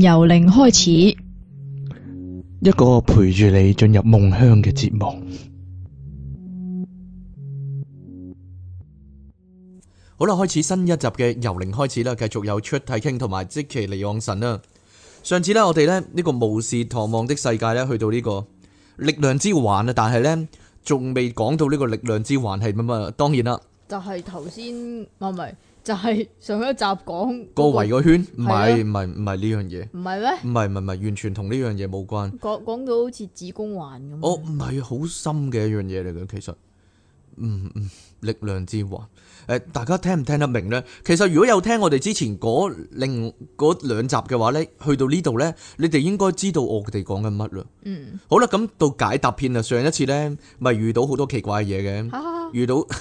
由零開始，一個陪住你進入夢鄉嘅節目。好啦，開始新一集嘅由零開始啦，繼續有出體傾同埋即其尼昂神啦。上次呢，我哋咧呢個巫士唐望的世界呢，去到呢個力量之環啊，但係呢，仲未講到呢個力量之環係乜乜。當然啦，就係頭先啊，唔就係上一集講，那個圍個個圈，唔係唔係唔係呢樣嘢，唔係咩？唔係唔係完全同呢樣嘢冇關。講講到好似子宮環咁。哦，唔係好深嘅一樣嘢嚟嘅，其實，嗯嗯，力量之環。誒、呃，大家聽唔聽得明咧？其實如果有聽我哋之前嗰另兩集嘅話咧，去到呢度咧，你哋應該知道我哋講緊乜啦。嗯。好啦，咁到解答篇啊，上一次咧，咪遇到好多奇怪嘢嘅，哈哈哈哈，遇到。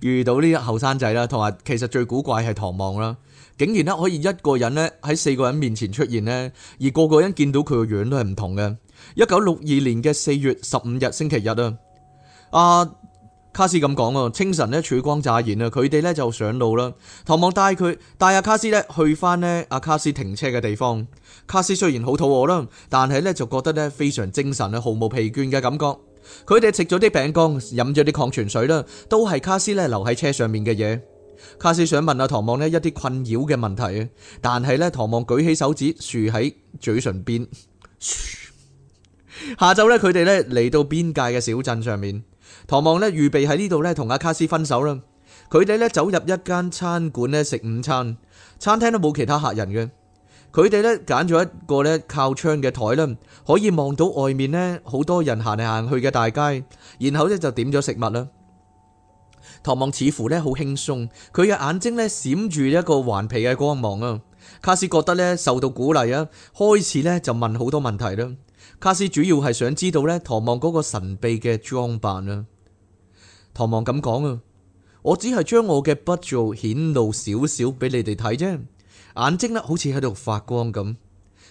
遇到呢啲後生仔啦，同埋其實最古怪係唐望啦，竟然咧可以一個人呢喺四個人面前出現呢，而個個人見到佢個樣都係唔同嘅。一九六二年嘅四月十五日星期日啊，阿卡斯咁講啊，清晨呢，曙光乍現啊，佢哋呢就上路啦。唐望帶佢帶阿卡斯呢去返呢阿卡斯停車嘅地方。卡斯雖然好肚餓啦，但係呢就覺得呢非常精神啊，毫無疲倦嘅感覺。佢哋食咗啲餅乾，飲咗啲礦泉水啦，都係卡斯咧留喺車上面嘅嘢。卡斯想問阿、啊、唐望咧一啲困擾嘅問題，但係咧唐望舉起手指，豎喺嘴唇邊。 下晝咧，佢哋咧嚟到邊界嘅小鎮上面。唐望咧預備喺呢度咧同阿卡斯分手啦。佢哋咧走入一間餐館咧食午餐，餐廳都冇其他客人嘅。佢哋咧揀咗一個咧靠窗嘅台啦，可以望到外面咧好多人行嚟行去嘅大街，然後咧就點咗食物啦。唐望似乎咧好輕鬆，佢嘅眼睛咧閃住一個頑皮嘅光芒啊！卡斯覺得咧受到鼓勵啊，開始咧就問好多問題啦。卡斯主要係想知道咧唐望嗰個神秘嘅裝扮啊。唐望咁講啊，我只係將我嘅不做顯露少少俾你哋睇啫。眼睛咧好似喺度發光咁，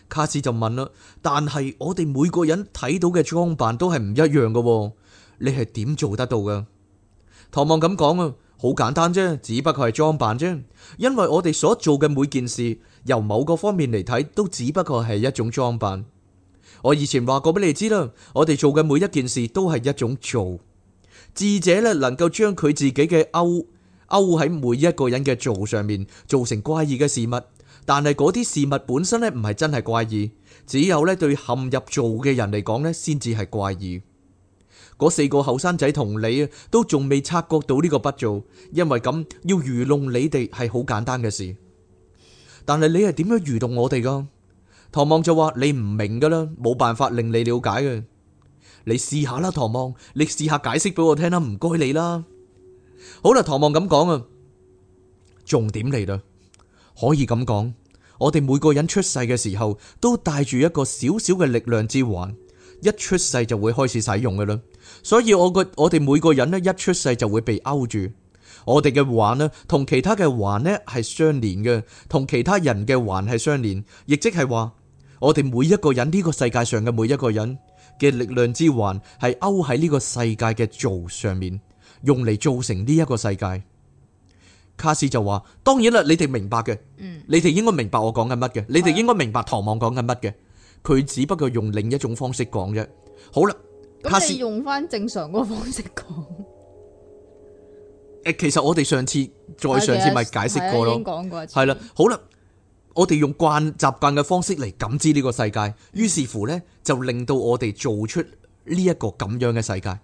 卡斯就問啦：但係我哋每個人睇到嘅裝扮都係唔一樣噶，你係點做得到噶？唐望咁講啊，好簡單啫，只不過係裝扮啫。因為我哋所做嘅每件事，由某個方面嚟睇，都只不過係一種裝扮。我以前話過俾你知啦，我哋做嘅每一件事都係一種做智者咧，能夠將佢自己嘅勾勾喺每一個人嘅做上面，做成怪異嘅事物。但係嗰啲事物本身呢，唔係真係怪異，只有呢對陷入做嘅人嚟講呢，先至係怪異。嗰四個後生仔同你啊，都仲未察覺到呢個不做，因為咁要愚弄你哋係好簡單嘅事。但係你係點樣愚弄我哋噶？唐望就話，你唔明噶啦，冇辦法令你了解嘅。你試下啦，唐望，你試下解釋俾我聽啦，唔該你啦。好啦，唐望咁講啊，重點嚟啦。可以咁講，我哋每個人出世嘅時候都帶住一個小小嘅力量之環，一出世就會開始使用嘅啦。所以我個我哋每個人呢，一出世就會被勾住。我哋嘅環呢，同其他嘅環呢係相連嘅，同其他人嘅環係相連，亦即係話我哋每一個人呢、這個世界上嘅每一個人嘅力量之環係勾喺呢個世界嘅做上面，用嚟造成呢一個世界。卡斯就話：當然啦，你哋明白嘅，嗯、你哋應該明白我講緊乜嘅，你哋應該明白唐望講緊乜嘅，佢對只不過用另一種方式講啫。好啦，咁你用翻正常嗰個方式講。誒，其實我哋上次再上次咪解釋過咯，係啦。好啦，我哋用慣習慣嘅方式嚟感知呢個世界，於是乎呢，就令到我哋做出呢一個咁樣嘅世界。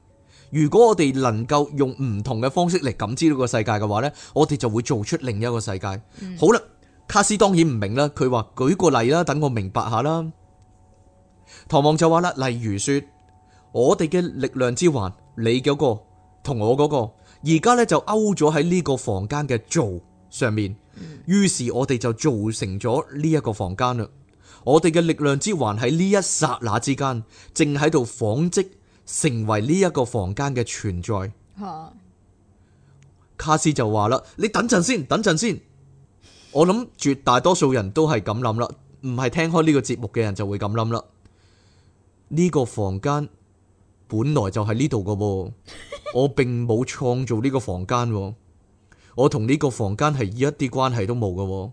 如果我哋能夠用唔同嘅方式嚟感知呢個世界嘅話呢，我哋就會做出另一個世界。嗯、好啦，卡斯當然唔明啦，佢話舉個例啦，等我明白下啦。唐望就話啦，例如說，我哋嘅力量之環，你嘅嗰個同我嗰個，而家呢，就勾咗喺呢個房間嘅造上面。於是我，我哋就做成咗呢一個房間啦。我哋嘅力量之環喺呢一剎那之間，正喺度紡織。成為呢一個房間嘅存在，卡斯就話啦，你等陣先，等陣先。我諗絕大多數人都係咁諗啦，唔係聽開呢個節目嘅人就會咁諗啦。呢個房間本來就喺呢度嘅，我並冇創造呢個房間，我同呢個房間係一啲關係都冇嘅。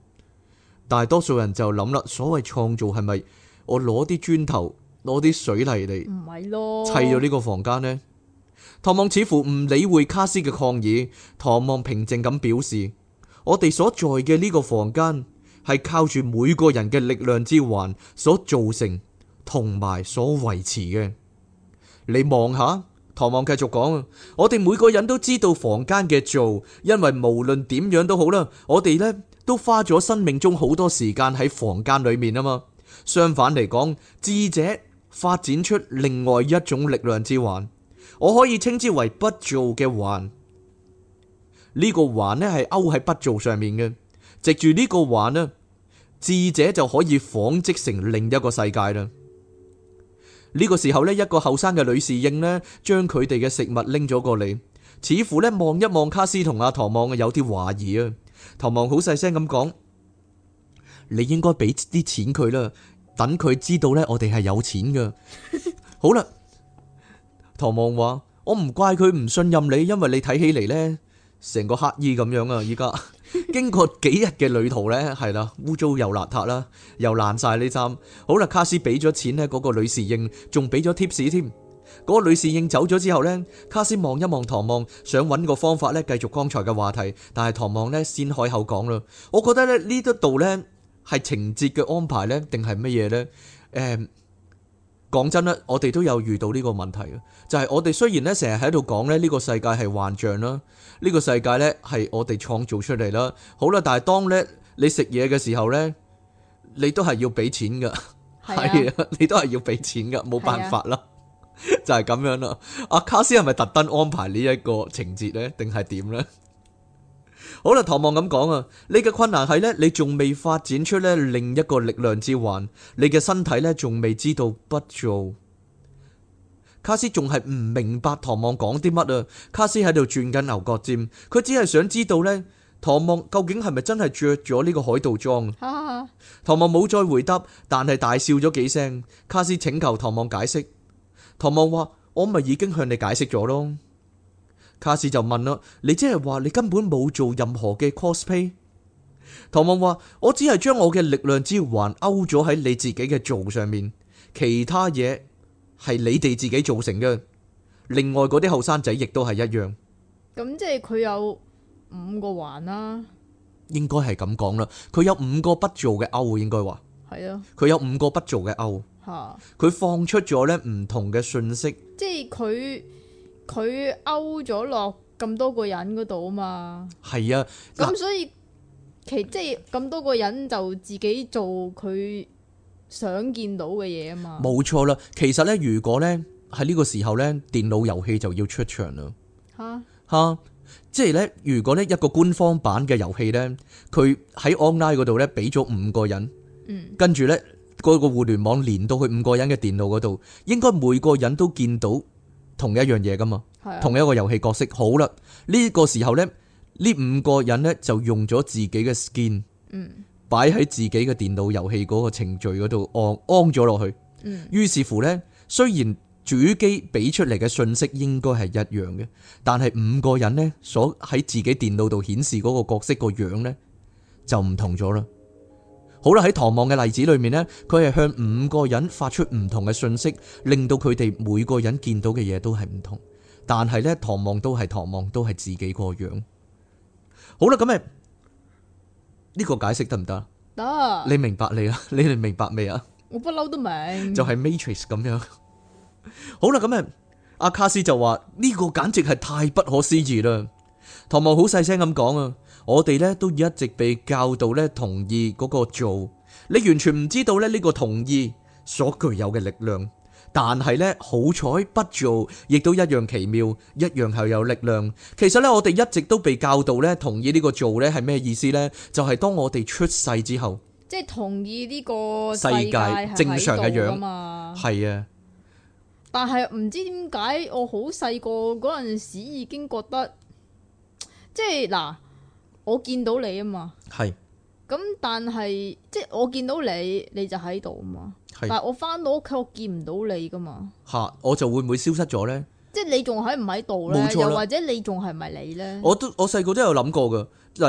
大多數人就諗啦，所謂創造係咪我攞啲磚頭？攞啲水泥嚟砌咗呢個房間呢？唐望似乎唔理會卡斯嘅抗議。唐望平靜咁表示：我哋所在嘅呢個房間係靠住每個人嘅力量之環所造成同埋所維持嘅。你望下，唐望繼續講：我哋每個人都知道房間嘅做，因為無論點樣都好啦，我哋呢都花咗生命中好多時間喺房間裏面啊嘛。相反嚟講，智者。發展出另外一種力量之環，我可以稱之為「不做」嘅環。呢個環呢係勾喺「不做」上面嘅，藉住呢個環呢，智者就可以紡織成另一個世界啦。呢個時候呢，一個後生嘅女侍應呢，將佢哋嘅食物拎咗過嚟，似乎呢望一望卡斯同阿唐望有啲懷疑啊。唐望好細聲咁講：你應該俾啲錢佢啦。等佢知道呢， 我哋係有錢噶。好啦，唐望話：我唔怪佢唔信任你，因為你睇起嚟，呢，成個乞衣咁樣啊！依家 經過幾日嘅旅途呢，係啦，污糟又邋遢啦，又爛晒呢衫。好啦，卡斯俾咗錢呢，嗰個女侍應仲俾咗 tips 添。嗰個女侍應走咗之後呢，卡斯望一望唐望，想揾個方法呢，繼續剛才嘅話題。但係唐望呢，先開口講啦，我覺得呢呢度呢。」係情節嘅安排呢？定係乜嘢呢？誒、嗯，講真啦，我哋都有遇到呢個問題嘅，就係、是、我哋雖然咧成日喺度講咧呢個世界係幻象啦，呢、這個世界咧係我哋創造出嚟啦，好啦，但係當咧你食嘢嘅時候咧，你都係要俾錢噶，係是啊， 啊，你都係要俾錢噶，冇辦法啦，是啊、 就係咁樣啦。阿卡斯係咪特登安排呢一個情節咧，定係點呢？好啦，唐望咁講啊，你嘅困難係呢，你仲未發展出呢另一個力量之環，你嘅身體呢，仲未知道不做。卡斯仲係唔明白唐望講啲乜啊？卡斯喺度轉緊牛角尖，佢只係想知道呢，唐望究竟係咪真係着咗呢個海盜裝？ 唐望冇再回答，但係大笑咗幾聲。卡斯請求唐望解釋，唐望話：我咪已經向你解釋咗咯。卡斯就問啦：你即係話你根本冇做任何嘅 cosplay？唐望話：我只係將我嘅力量之環勾咗喺你自己嘅做上面，其他嘢係你哋自己造成嘅。另外嗰啲後生仔亦都係一樣。咁即係佢有五個環啦。應該係咁講啦，佢有五個不做嘅勾，應該話係咯。佢有五個不做嘅勾。吓，佢放出咗咧唔同嘅信息。即係佢。佢勾咗落咁多個人嗰度啊嘛，係啊，咁所以辣其即係咁多個人就自己做佢想見到嘅嘢啊嘛，冇錯啦。其實呢，如果呢，喺呢個時候呢，電腦遊戲就要出場啦。嚇嚇哈，即係呢，如果呢一個官方版嘅遊戲呢，佢喺 online 嗰度呢俾咗五個人，嗯，跟住呢，嗰個互聯網連到去五個人嘅電腦嗰度，應該每個人都見到。同一樣嘢噶嘛，同一個遊戲角色。的好啦，呢、這個時候呢，呢五個人呢，就用咗自己嘅 skin，擺喺、嗯、自己嘅電腦遊戲嗰個程序嗰度按安咗落去。於、嗯、是乎呢，雖然主機俾出嚟嘅信息應該係一樣嘅，但係五個人呢，所喺自己電腦度顯示嗰個角色個樣呢，就唔同咗啦。好啦，喺唐望嘅例子裏面呢，佢係向五個人發出唔同嘅信息，令到佢哋每個人見到嘅嘢都係唔同。但係咧，唐望都係唐望，都係自己個樣。好啦，咁咪呢個解釋得唔得？得行，你明白你啦，你哋明白未啊？我不嬲都明，就係 Matrix 咁樣。好啦，咁啊，阿卡斯就話呢個簡直係太不可思議啦。唐望好細聲咁講啊。我哋咧都一直被教導咧同意嗰個做，你完全唔知道咧呢個同意所具有嘅力量。但係咧好彩不做，亦都一樣奇妙，一樣係有力量。其實咧，我哋一直都被教導咧同意呢個做咧係咩意思呢？就係當我哋出世之後，即係同意呢個世界正常嘅樣嘛。係啊，但係唔知點解我好細個嗰陣時已經覺得，即係嗱。我見到你啊嘛，係是，咁但係即係我見到你，你就喺度啊嘛，是但我翻到屋企我見唔到你噶嘛，吓，我就會唔會消失咗咧？即係你仲喺唔喺度咧？又或者你仲係咪你咧？我都，我細個都有諗過噶，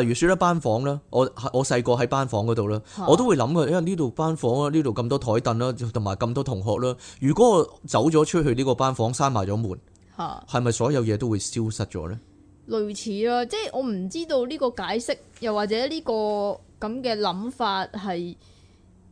例如説一班房啦，我，我細個喺班房嗰度啦，是我都會諗噶，因為呢度班房啦，呢度咁多台凳啦，同埋咁多同學啦，如果我走咗出去呢個班房，閂埋咗門，嚇，係咪所有嘢都會消失咗咧？類似啦，即係我唔知道呢個解釋，又或者呢個咁嘅諗法係，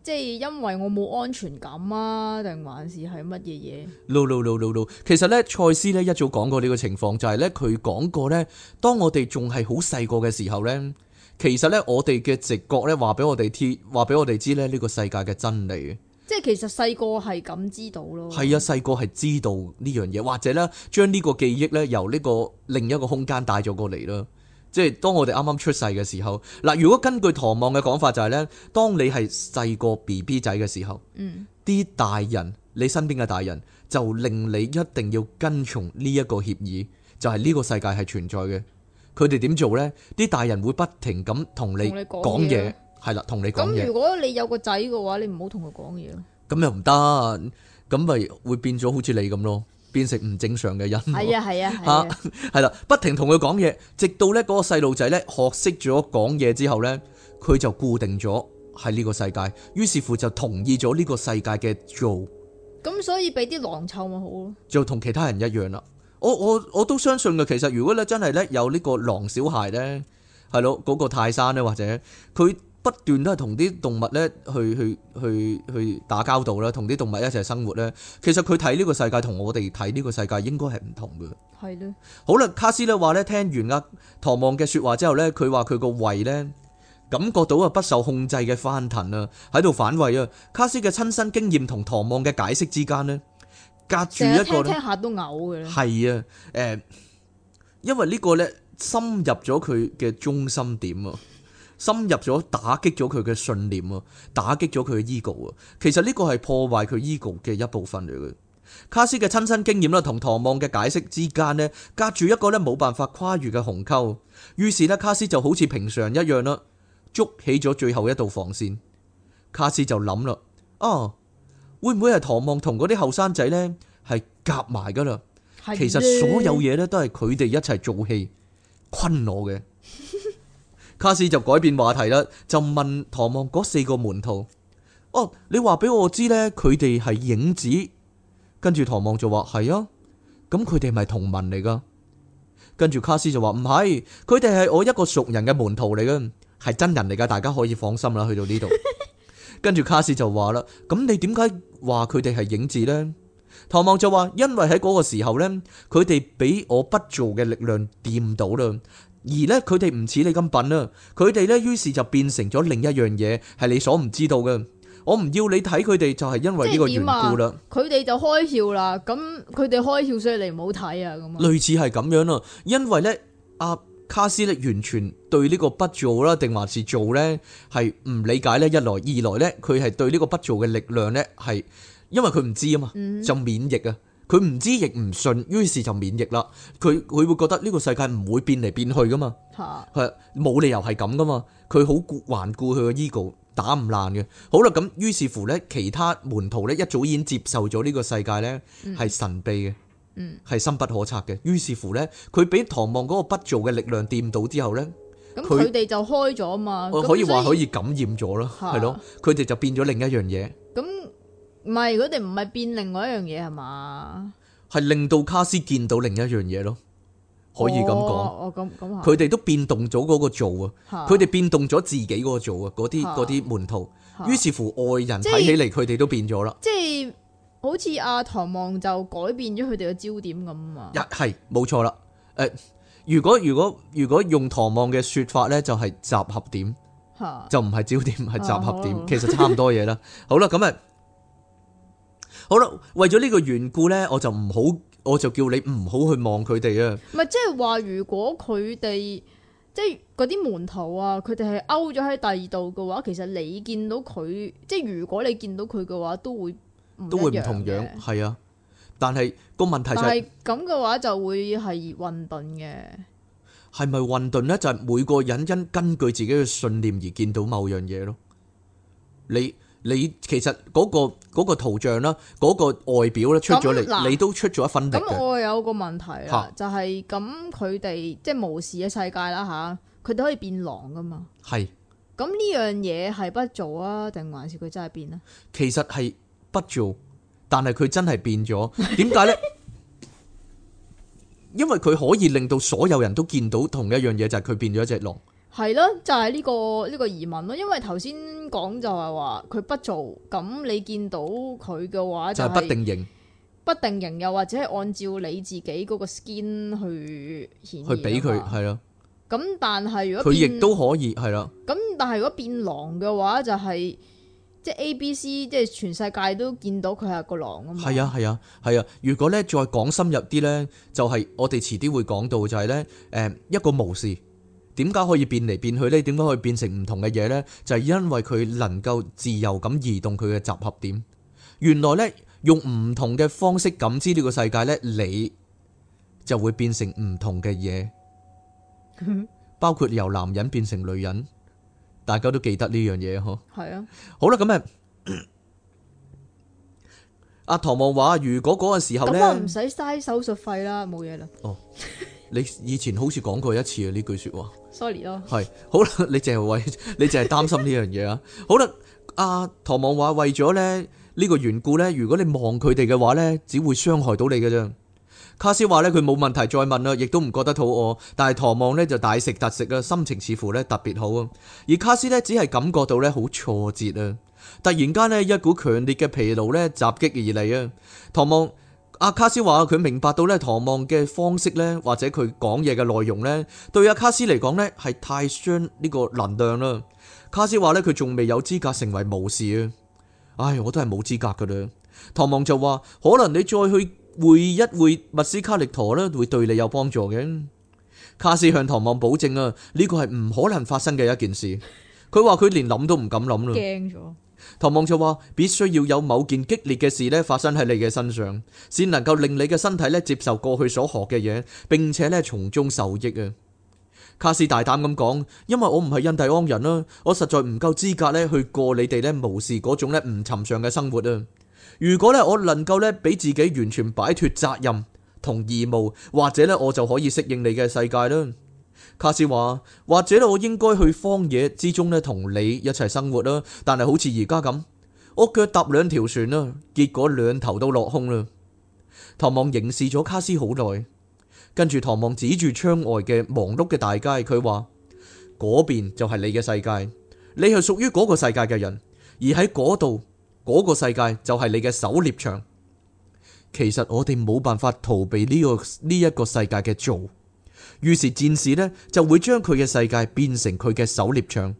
即係因為我冇安全感啊，定還是係乜嘢嘢？No no no no no，其實呢，蔡司呢一早講過呢個情況，就係呢，佢講過呢：「當我哋仲係好細個嘅時候呢，其實呢，我哋嘅直覺呢，話俾我哋知，話俾我哋知呢，呢個世界嘅真理。」即係其實細個係噉知道咯，係啊，細個係知道呢樣嘢，或者呢將呢個記憶呢由呢個另一個空間帶咗過嚟啦。即係當我哋啱啱出世嘅時候，嗱，如果根據唐望嘅講法就係呢：當你係細個 B B 仔嘅時候，嗯，啲大人你身邊嘅大人就令你一定要跟從呢一個協議，就係呢個世界係存在嘅。佢哋點做呢？啲大人會不停咁同你講嘢。係啦，同你講。咁如果你有個仔嘅話，你唔好同佢講嘢咯。咁又唔得，咁咪會變咗好似你咁咯，變成唔正常嘅人。係啊係啊，吓係啦，不停同佢講嘢，直到咧嗰個細路仔咧學識咗講嘢之後咧，佢就固定咗喺呢個世界，於是乎就同意咗呢個世界嘅做。咁所以俾啲狼臭咪好咯。就同其他人一樣啦。我我我都相信嘅，其實如果咧真係咧有呢個狼小孩咧，係咯嗰個泰山咧或者佢。不斷都係同啲動物咧去去去去打交道，啦，同啲動物一齊生活咧。其實佢睇呢個世界同我哋睇呢個世界應該係唔同嘅。係咯的，好啦，卡斯咧話咧聽完阿唐望嘅說話之後咧，佢話佢個胃咧感覺到啊不受控制嘅翻騰啦，喺度反胃啊。卡斯嘅親身經驗同唐望嘅解釋之間呢，隔住一個聽下都嘔嘅。係啊，誒、呃，因為呢個咧深入咗佢嘅中心點啊。深入咗，打擊咗佢嘅信念啊，打擊咗佢嘅 ego 啊。其實呢個係破壞佢 ego 嘅一部分嚟嘅。卡斯嘅親身經驗啦，同唐望嘅解釋之間咧，隔住一個咧冇辦法跨越嘅鴻溝。於是咧，卡斯就好似平常一樣啦，築起咗最後一道防線。卡斯就諗啦：啊，會唔會係唐望同嗰啲後生仔咧係夾埋㗎啦？其實所有嘢咧都係佢哋一齊做戲昆我嘅。卡斯就改變話題啦，就問唐望嗰四個門徒：，哦，你話俾我知咧，佢哋係影子。跟住唐望就話：係啊，咁佢哋咪同門嚟噶。跟住卡斯就話：唔係，佢哋係我一個熟人嘅門徒嚟嘅，係真人嚟噶，大家可以放心啦。去到呢度，跟住卡斯就話啦：，咁你點解話佢哋係影子咧？唐望就話：因為喺嗰個時候咧，佢哋俾我不做嘅力量掂到啦。而咧，佢哋唔似你咁笨啦，佢哋咧，於是就變成咗另一樣嘢，係你所唔知道嘅。我唔要你睇佢哋，就係因為呢個緣故啦。佢哋就開竅啦，咁佢哋開竅上嚟唔好睇啊，咁啊。類似係咁樣啊，因為咧阿卡斯勒完全對呢個不做啦，定還是做咧，係唔理解咧。一來二來咧，佢係對呢個不做嘅力量咧，係因為佢唔知啊嘛，就免疫啊。佢唔知亦唔信，於是就免疫啦。佢佢會覺得呢個世界唔會變嚟變去噶嘛？係冇的理由係咁噶嘛？佢好固頑固，佢個 ego 打唔爛嘅。好啦，咁於是乎呢，其他門徒呢一早已經接受咗呢個世界呢係神秘嘅，係深不可測嘅。於是乎呢，佢俾唐望嗰個不做嘅力量掂到之後呢，咁佢哋就開咗嘛？可以話可以感染咗咯，係咯？佢哋的就變咗另一樣嘢。咁。唔係，佢哋唔係變另外一樣嘢係嘛？係令到卡斯見到另一樣嘢咯，可以咁講。佢哋都變動咗嗰個做啊，佢哋變動咗自己個做啊，嗰啲嗰啲門徒。於是乎，外人睇起嚟，佢哋都變咗啦。即係好似阿唐望就改變咗佢哋嘅焦點咁啊！一係冇錯啦。誒，如果如果如果用唐望嘅說法呢，就係集合點，就唔係焦點，係集合點，其實差唔多嘢啦。好啦，咁啊。好啦，為咗呢個緣故咧，我就唔好，我就叫你唔好去望佢哋啊。唔係，即係話如果佢哋即係嗰啲門徒啊，佢哋係勾咗喺第二度嘅話，其實你見到佢，即係如果你見到佢嘅話，都會都會唔同樣，係啊。但係個問題就係咁嘅話就會是是呢，就會係混沌嘅。係咪混沌咧？就係每個人因根據自己嘅信念而見到某樣嘢咯。你。你其實嗰個嗰個圖像啦，嗰、那個外表咧，出咗嚟，那你都出咗一份力嘅。咁我有個問題啦，就係咁佢哋即係巫士嘅世界啦吓，佢哋可以變狼噶嘛？係是。咁呢樣嘢係不做啊，定還是佢真係變咧？其實係不做，但係佢真係變咗。點解呢？ 因為佢可以令到所有人都見到同一樣嘢，就係、是、佢變咗一隻狼。係咯，就係、是、呢、這個呢、這個疑問咯。因為頭先講就係話佢不做，咁你見到佢嘅話就係不定型，不定型又或者係按照你自己嗰個 skin 去顯去俾佢係咯。咁但係如果佢亦都可以係啦。咁但係如果變狼嘅話，就係即係 A、B、C，即係全世界都見到佢係個狼啊嘛。係啊，係啊，係啊。如果咧再講深入啲咧，就係、是、我哋遲啲會講到，就係咧誒一個模式。點解可以變嚟變去呢？點解可以變成唔同嘅嘢呢？就係、是、因為佢能夠自由咁移動佢嘅集合點。原來呢，用唔同嘅方式感知呢個世界呢，你就會變成唔同嘅嘢，嗯、包括由男人變成女人。大家都記得呢樣嘢嗬。係啊。好啦，咁、嗯、啊，阿唐望話：如果嗰個時候咧，唔使嘥手術費啦，冇嘢啦。哦，你以前好似講過一次啊呢句說話。sorry 係好啦，你淨係為，你淨係擔心呢樣嘢啊。好啦，阿唐望話為咗咧呢個緣故咧，如果你望佢哋嘅話咧，只會傷害到你嘅啫。卡斯話咧佢冇問題再問啦，亦都唔覺得肚餓，但係唐望咧就大食特食啊，心情似乎咧特別好啊，而卡斯咧只係感覺到咧好挫折啊，突然間呢，一股強烈嘅疲勞咧襲擊而嚟啊，唐望。阿卡斯話佢明白到咧唐望嘅方式咧，或者佢講嘢嘅內容咧，對阿卡斯嚟講咧係太傷呢個能量啦。卡斯話咧佢仲未有資格成為巫士啊！唉，我都係冇資格噶啦。唐望就話可能你再去會一會密斯卡力陀咧，會對你有幫助嘅。卡斯向唐望保證啊，呢個係唔可能發生嘅一件事。佢話佢連諗都唔敢諗啦。驚咗。唐望就話：必須要有某件激烈嘅事咧發生喺你嘅身上，先能夠令你嘅身體咧接受過去所學嘅嘢，並且咧從中受益啊！卡斯大膽咁講，因為我唔係印第安人啦，我實在唔夠資格咧去過你哋咧無視嗰種咧唔尋常嘅生活啊！如果咧我能夠咧俾自己完全擺脫責任同義務，或者咧我就可以適應你嘅世界啦。卡斯話：或者我應該去荒野之中咧，同你一齊生活啦。但係好似而家咁，我腳踏兩條船啦，結果兩頭都落空啦。唐望凝視咗卡斯好耐，跟住唐望指住窗外嘅忙碌嘅大街，佢話：嗰邊就係你嘅世界，你係屬於嗰個世界嘅人，而喺嗰度，嗰、嗰個世界就係你嘅狩獵場。其實我哋冇辦法逃避呢、呢個呢一、呢個世界嘅做。於是戰士呢就會將佢嘅世界變成佢嘅狩獵場。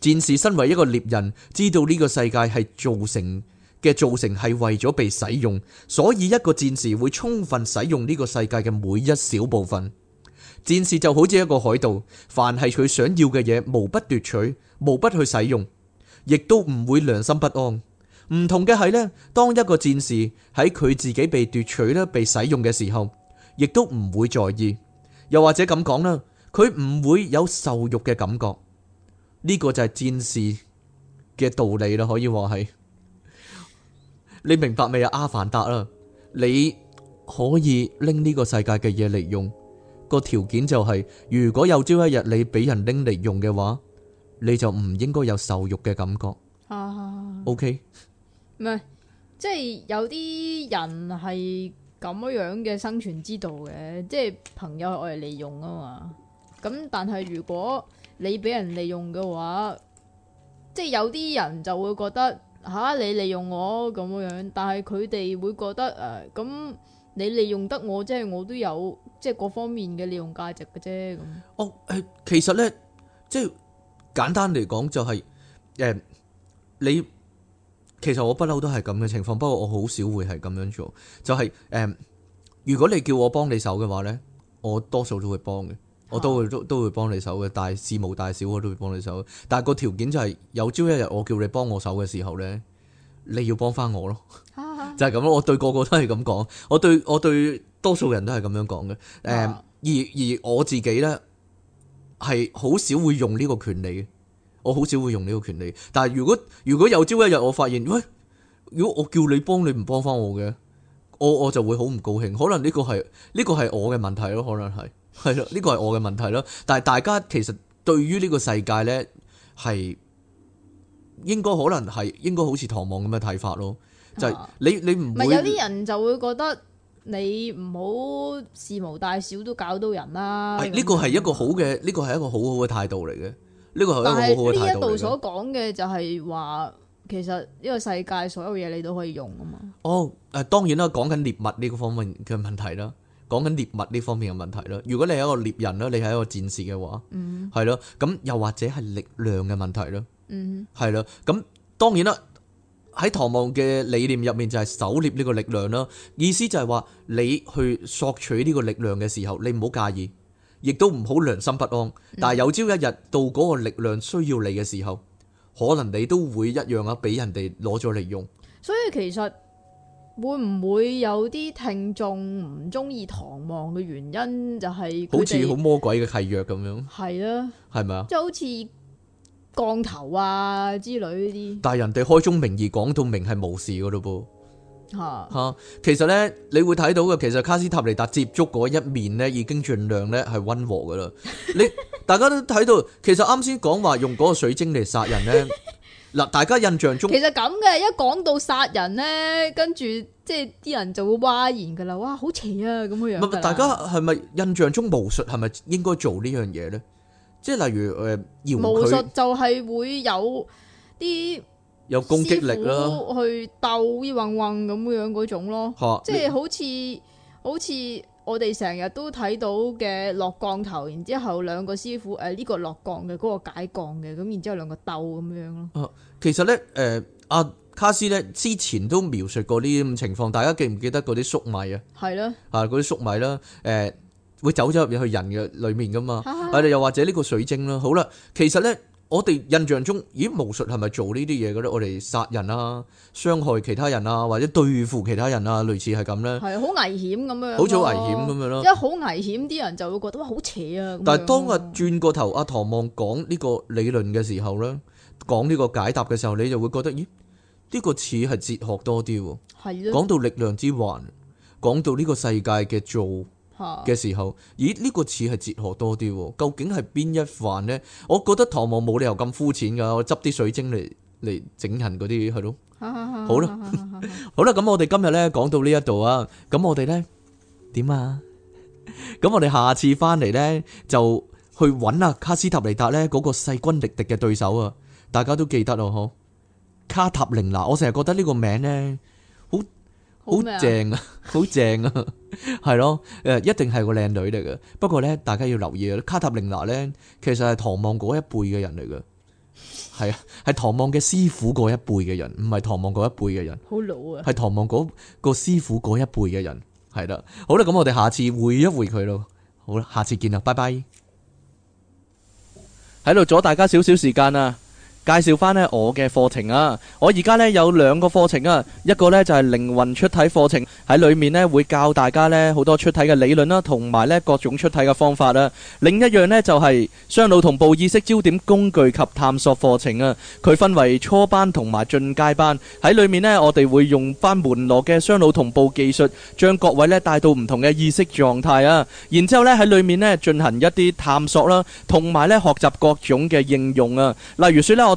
戰士身為一個獵人，知道呢個世界係造成嘅，造成係為咗被使用，所以一個戰士會充分使用呢個世界嘅每一小部分。戰士就好似一個海盜，凡係佢想要嘅嘢，無不奪取，無不去使用，亦都唔會良心不安。唔同嘅係呢，當一個戰士喺佢自己被奪取咧，被使用嘅時候，亦都唔會在意。又或者咁講啦，佢唔會有受辱嘅感覺，呢個就係戰士嘅道理咯。可以話係，你明白未啊？阿凡達啦，你可以拎呢個世界嘅嘢嚟用，個條件就係，如果有朝一日你俾人拎嚟用嘅話，你就唔應該有受辱嘅感覺。啊，OK，咩？即係有啲人係。咁樣樣嘅生存之道嘅，即係朋友係我嚟利用啊嘛。咁但係如果你俾人利用嘅話，即係有啲人就會覺得吓、啊、你利用我咁樣，但係佢哋會覺得誒，咁、啊、你利用得我，即係我都有即係各方面嘅利用價值嘅啫。咁哦，誒，其實咧，即係簡單嚟講就係、是、誒、呃，你。其實我不嬲都係咁嘅情況，不過我好少會係咁樣做。就係、是、誒、呃，如果你叫我幫你手嘅話呢，我多數都會幫嘅，啊、我都會都都會幫你手嘅。但係事無大小我都會幫你手，但係個條件就係、是、有朝一日我叫你幫我手嘅時候呢，你要幫翻我咯，啊、 就係咁咯。我對個個都係咁講，我對我對多數人都係咁樣講嘅。誒、呃，啊、而而我自己呢，係好少會用呢個權利我好少會用呢個權利，但係如果如果有朝一日我發現，喂，如果我叫你幫你唔幫翻我嘅，我我就會好唔高興。可能呢個係呢個係我嘅問題咯，可能係係咯，呢個係我嘅問題咯。但係大家其實對於呢個世界咧，係應該可能係應該好似唐望咁嘅睇法咯，啊、就係你你唔唔係有啲人就會覺得你唔好事無大小都搞到人啦。呢個係一個好嘅，呢個係一個好好嘅態度嚟嘅。呢個係一個好好嘅態度。但係呢一度所講嘅就係話，其實呢個世界所有嘢你都可以用啊嘛。哦，誒，當然啦，講緊獵物呢個方面嘅問題啦，講緊獵物呢方面嘅問題啦。如果你係一個獵人啦，你係一個戰士嘅話，嗯哼，係咯，咁又或者係力量嘅問題咯，嗯哼，係咯，咁當然啦，喺唐望嘅理念入面就係狩獵呢個力量啦，意思就係話你去索取呢個力量嘅時候，你唔好介意。亦都唔好良心不安，但係有朝一日到嗰個力量需要你嘅時候，可能你都會一樣啊，俾人哋攞咗嚟用。所以其實會唔會有啲聽眾唔中意唐望嘅原因，就係好似好魔鬼嘅契約咁樣，係啊，係咪啊？即係好似降頭啊之類呢啲。但係人哋開宗明義講到明係冇事噶咯噃。吓吓，其實咧你會睇到嘅，其實卡斯塔尼達接觸嗰一面咧，已經盡量咧係温和噶啦。 你大家都睇到，其實啱先講話用嗰個水晶嚟殺人咧，嗱， 大家印象中其實咁嘅。一講到殺人咧，跟住即係啲人就會嘩然噶啦。哇，好邪啊咁嘅樣。大家係咪印象中巫術係咪應該做呢樣嘢咧？即係例如誒，妖、呃、巫術就係會有啲。有攻擊力咯，去鬥混，混那那、混咁樣嗰種咯，即係好似、啊、好似我哋成日都睇到嘅落降頭，然之後兩個師傅誒呢、啊呢個落降嘅，嗰、嗰個解降嘅，咁然之後兩個鬥咁樣咯、啊。其實咧誒阿卡斯咧之前都描述過呢啲咁情況，大家記唔記得嗰啲粟米呢啊？係咯，啊嗰啲粟米啦，誒會走咗入去人嘅裡面噶嘛？啊，又、啊啊、或者呢個水晶啦，好啦，其實咧。我哋印象中，咦，巫術係咪做呢啲嘢嘅咧？我哋殺人啊，傷害其他人啊，或者對付其他人啊，類似係咁咧？係啊，好危險咁樣，好似好危險咁樣咯。一好危險，啲人就會覺得哇，好邪啊！但係當阿轉過頭，阿唐望講呢個理論嘅時候咧，講呢個解答嘅時候，你就會覺得，咦，呢個似係哲學多啲。係啦的，講到力量之環，講到呢個世界嘅做嘅時候，咦？呢個似係哲學多啲喎，究竟係邊一範呢？我覺得唐望冇理由咁膚淺噶，執啲水晶嚟嚟整人嗰啲，係咯， 好啦，好啦，咁我哋今日咧講到呢一度啊，咁我哋咧點啊？咁我哋下次翻嚟咧就去揾啊卡斯塔尼達咧嗰個勢均力敵嘅對手啊！大家都記得哦，哈卡塔琳娜，我成日覺得呢個名咧。好正啊，好正啊，係咯麼，誒， 一定係個靚女嚟嘅。不過咧，大家要留意啊，卡塔琳娜咧，其實係唐望嗰一輩嘅人嚟嘅，係啊，係唐望嘅師傅嗰一輩嘅人，唔係唐望嗰一輩嘅人，好老啊，係唐望嗰個師傅嗰一輩嘅人，係啦，好啦，咁我哋下次會一會佢咯，好啦，下次見啦，拜拜，喺度阻大家少少時間啊。介紹翻咧我嘅課程啊！我而家咧有兩個課程啊，一個咧就係靈魂出體課程，喺裡面咧會教大家咧好多出體嘅理論啦，同埋咧各種出體嘅方法啦。另一樣咧就係雙腦同步意識焦點工具及探索課程啊。佢分為初班同埋進階班，喺裡面咧我哋會用返門羅嘅雙腦同步技術，將各位咧帶到唔同嘅意識狀態啊。然之後咧喺裡面咧進行一啲探索啦，同埋咧學習各種嘅應用啊。例如説咧我。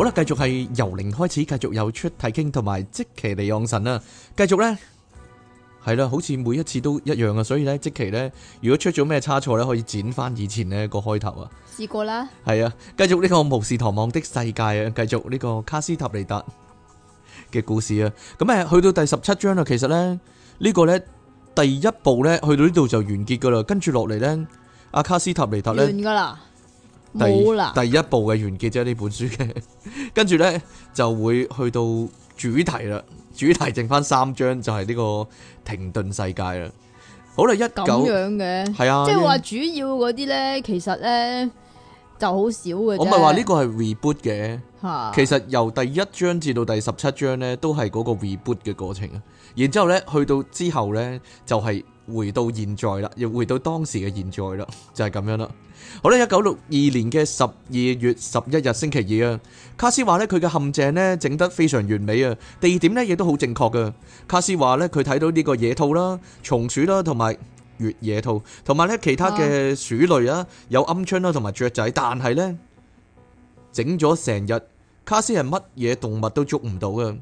好啦，繼續係由零開始，繼續有出睇傾同埋即期嚟養神啦。繼續咧，係啦，好似每一次都一樣啊。所以咧，即期咧，如果出咗咩差錯咧，可以剪翻以前咧個開頭啊。試過啦。係啊，繼續呢個巫士唐望的世界啊，繼續呢個卡斯塔尼達嘅故事啊。咁誒，去到第十七章啦。其實咧，呢個咧第一部咧，去到呢度就完結噶啦。跟住落嚟咧，阿卡斯塔尼達咧。完噶啦。冇第，了第一部嘅完結啫，呢本書嘅，跟住咧就會去到主題啦，主題剩返三章就係、是、呢個停頓世界啦。好啦，一九樣嘅，係啊，即係話主要嗰啲咧，其實咧就好少嘅。我唔係話呢個係 reboot 嘅。其實由第一章至到第十七章呢，都係嗰個 reboot 嘅過程啊。然之後咧，去到之後呢，就係回到現在啦，又回到當時嘅現在啦，就係咁樣啦。好啦，一九六二年嘅十二月十一日星期二啊，卡斯話呢，佢嘅陷阱呢，整得非常完美啊，地點呢，亦都好正確噶。卡斯話呢，佢睇到呢個野兔啦、松鼠啦同埋穴野兔，同埋呢其他嘅鼠類啊，有鵪鶉啦同埋雀仔，但係呢。整咗成日，卡斯係乜嘢動物都捉唔到㗎。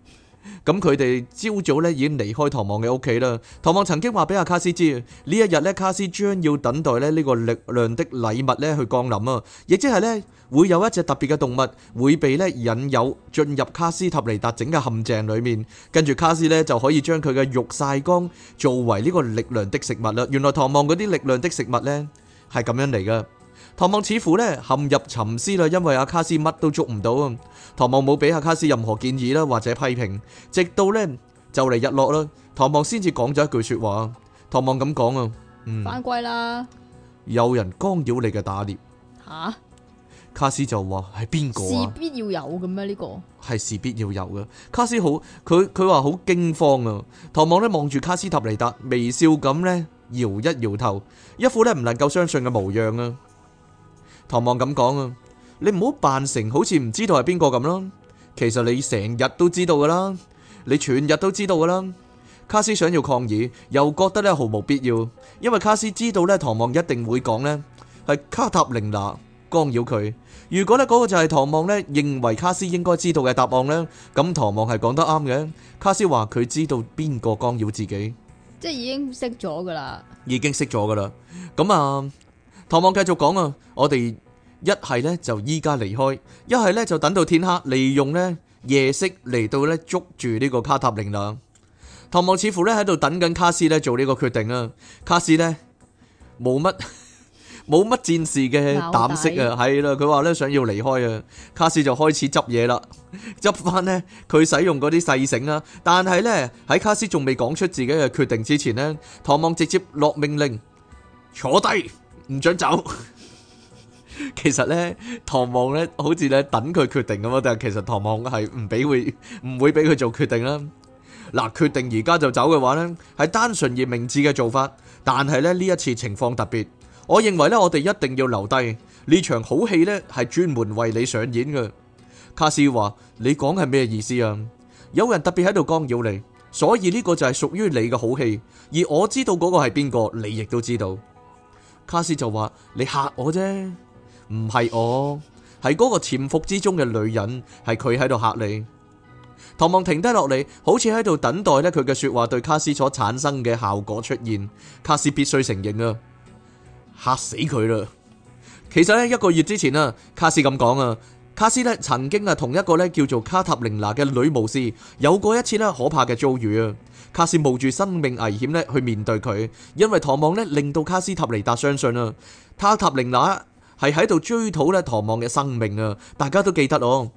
咁佢哋朝早咧已經離開唐望嘅屋企啦。唐望曾經話俾阿卡斯知，呢一日咧卡斯將要等待咧呢個力量的禮物咧去降臨啊！亦即係咧會有一隻特別嘅動物會被咧引誘進入卡斯塔尼達整嘅陷阱裏面，跟住卡斯咧就可以將佢嘅肉曬乾作為呢個力量的食物啦。原來唐望嗰啲力量的食物咧係咁樣嚟噶。唐望似乎咧陷入沉思啦，因為阿卡斯乜都捉唔到啊。唐望冇俾阿卡斯任何建議啦，或者批評，直到咧就嚟日落啦，唐望先至講咗一句說話。唐望咁講啊，嗯，返歸啦！有人干擾你嘅打獵吓？卡斯就話係邊個？事必要有咁啊？呢個係事必要有嘅。卡斯好，佢佢話好驚慌啊。唐望咧望住卡斯塔尼達微笑咁咧搖一搖頭，一副咧唔能夠相信嘅模樣啊。唐望咁講啊，你唔好扮成好似唔知道係邊個咁囉。其實你成日都知道噶啦，你全日都知道噶啦。卡斯想要抗議，又覺得咧毫無必要，因為卡斯知道咧唐望一定會講咧係卡塔琳娜干擾佢。如果咧嗰個就係唐望咧認為卡斯應該知道嘅答案咧，咁唐望係講得啱嘅。卡斯話佢知道邊個干擾自己，即係已經識咗噶啦，已經識咗噶啦。咁啊。唐望繼續講啊，我哋一係咧就依家離開，一係咧就等到天黑，利用咧夜色嚟到咧捉住呢個卡塔琳娜。唐望似乎咧喺度等緊卡斯咧做呢個決定啊。卡斯咧冇乜冇乜戰士嘅膽識啊，係啦，佢話咧想要離開啊。卡斯就開始執嘢啦，執翻咧佢使用嗰啲細繩啦。但係咧喺卡斯仲未講出自己嘅決定之前咧，唐望直接落命令坐低。唔不准走。 其實咧，唐望咧，好似咧等佢決定咁咯，但係其實唐望係唔俾會，唔會俾佢做決定啦。嗱，決定而家就走嘅話咧，係單純而明智嘅做法。但係咧呢一次情況特別，我認為咧我哋一定要留低，呢場好戲咧，係專門為你上演嘅。卡斯話，你講係咩意思啊？有人特別喺度干擾你，所以呢個就係屬於你嘅好戲。而我知道嗰個係邊個，你亦都知道。卡斯就話：你吓我啫，唔係我，係嗰個潛伏之中嘅女人，係佢喺度吓你。唐望停低落嚟，好似喺度等待咧佢嘅說話對卡斯所產生嘅效果出現。卡斯必須承認啊，吓死佢啦！其實喺一個月之前啊，卡斯咁講啊。卡斯咧曾經啊同一個咧叫做卡塔琳娜嘅女巫師有過一次咧可怕嘅遭遇啊！卡斯冒住生命危險咧去面對佢，因為唐望咧令到卡斯塔尼達相信啊，卡塔琳娜係喺度追討咧唐望嘅生命啊！大家都記得哦。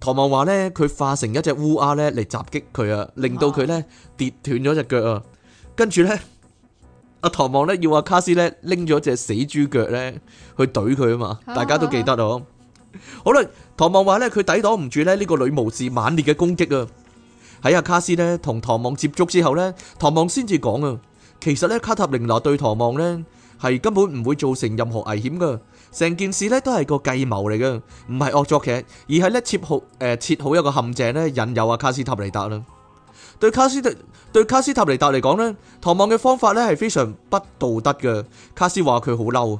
唐望話咧佢化成一隻烏鴉咧嚟襲擊佢啊，令到佢咧跌斷咗隻腳啊！跟住咧，阿唐望咧要阿卡斯咧拎咗隻死豬腳咧去懟佢啊嘛！大家都記得哦。好啦，唐望話咧，佢抵擋唔住咧呢個女巫士猛烈嘅攻擊啊！喺阿卡斯咧同唐望接觸之後咧，唐望先至講啊，其實咧卡塔靈娜對唐望咧係根本唔會造成任何危險噶成件事咧都係個計謀嚟噶唔係惡作劇，而係咧設好誒設、呃、好一個陷阱咧引誘阿卡斯塔尼達啦。對卡斯對，對卡斯塔尼達嚟講咧，唐望嘅方法咧係非常不道德噶。卡斯話佢好嬲。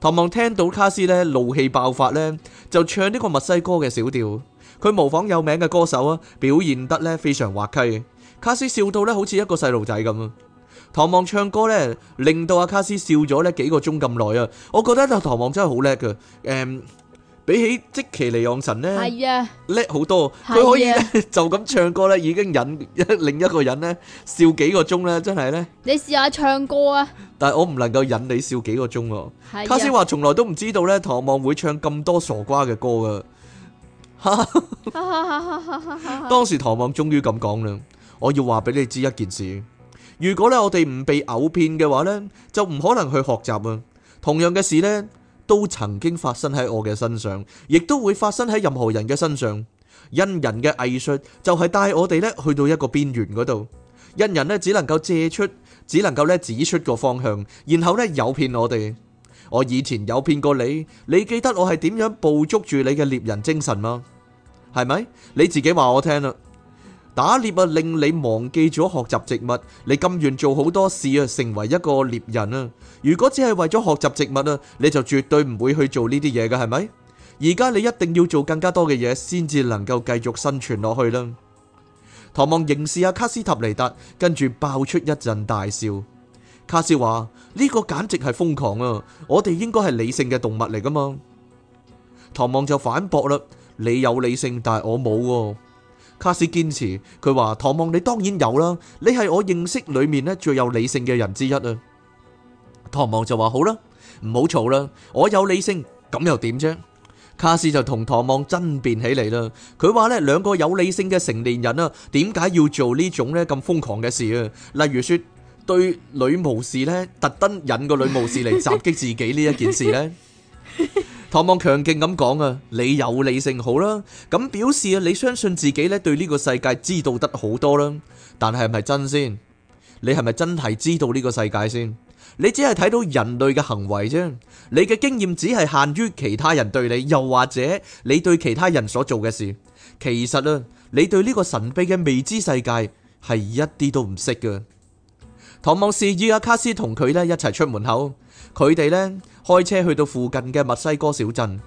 唐望聽到卡斯咧怒氣爆發咧，就唱呢個墨西哥嘅小調。佢模仿有名嘅歌手啊，表現得咧非常滑稽。卡斯笑到咧好似一個細路仔咁啊！唐望唱歌咧，令到阿卡斯笑咗咧幾個鐘咁耐啊！我覺得阿唐望真係好叻嘅。誒、嗯，比起即其尼昂神咧，叻好、啊、多。佢、啊、可以咧、啊、 就咁唱歌咧，已經引另一個人咧笑幾個鐘咧，真係咧。你試下唱歌啊！但係我唔能夠引你笑幾個鐘咯。卡斯話從來都唔知道咧，唐望會唱咁多傻瓜嘅歌噶。當時唐望終於咁講啦，我要話俾你知一件事，如果咧我哋唔被偶騙嘅話咧，就唔可能去學習啊。同樣嘅事咧，都曾經發生喺我嘅身上，亦都會發生喺任何人嘅身上。恩人嘅藝術就係帶我哋咧去到一個邊緣嗰度，恩人咧只能夠借出。只能夠咧指出個方向，然後咧，誘騙我哋。我以前有騙過你，你記得我係點樣捕捉住你嘅獵人精神嗎？係咪？你自己話我聽啦。打獵啊，令你忘記咗學習植物。你甘願做好多事啊，成為一個獵人啊？如果只係為咗學習植物啊，你就絕對唔會去做呢啲嘢嘅，係咪？而家你一定要做更加多嘅嘢，先至能夠繼續生存落去啦。唐望凝視阿卡斯塔尼達，跟住爆出一陣大笑。卡斯話：呢、這個簡直係瘋狂啊！我哋應該係理性嘅動物嚟噶嘛？唐望就反駁啦：你有理性，但係我冇、啊。卡斯堅持，佢話：唐望你當然有啦，你係我認識裏面咧最有理性嘅人之一啊！唐望就話：好啦，唔好嘈啦，我有理性，咁又點啫？卡斯就同唐望爭辯起嚟啦，佢話咧兩個有理性嘅成年人啊，點解要做呢種咧咁瘋狂嘅事啊？例如說，對女巫士咧，特登引個女巫士嚟襲擊自己呢一件事咧。唐望強勁咁講啊，你有理性好啦，咁表示啊，你相信自己咧對呢個世界知道得好多啦，但係係咪真先？你係咪真係知道呢個世界先？你只係睇到人類嘅行為啫，你嘅經驗只係限於其他人對你，又或者你對其他人所做嘅事。其實啦，你對呢個神秘嘅未知世界係一啲都唔識嘅。唐望士與阿卡斯同佢咧一齊出門口，佢哋咧開車去到附近嘅墨西哥小鎮。